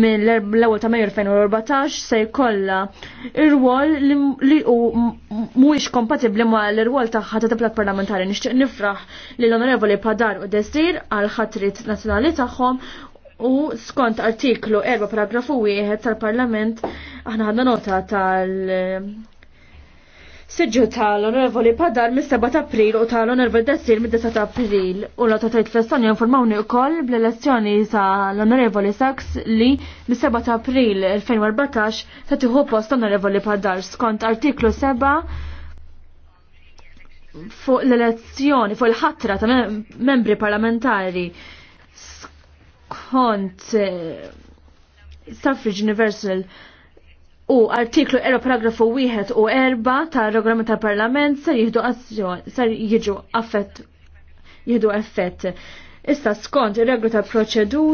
minn l-ewwel ta' Mejju 2014 se jkollha ir-rwol li hu mhuwiex kompatibbli ma' l-irwol tagħha ta' Plat parlamentari. Nixtieq nifraħ li l-Onorevoli Padar u Desir għal ħatrit nazzjonali tagħhom u skont artiklu 4 paragrafu 1 tal-Parlament aħna ħadna nota tal- Siġu tal-onorevoli Padar mis-7 ta' april u tal-onorevoli Dessir mid 10 april u la autotajt fl-Estonja informawni u koll bl-elezzjoni sa' l-onorevoli Saks li mis-7 april 2014 se tiħu post onorevoli Padar skont artiklu 7 fuq l-elezzjoni, fuq il-ħatra ta' membri parlamentari skont eh, Suffrage Universal u artiklu ero paragrafu 1 u 4 ta' regolament tal-Parlament ser jihdu ser jiġu affett jihdu effett. Issa skont il reglu tal-proċedur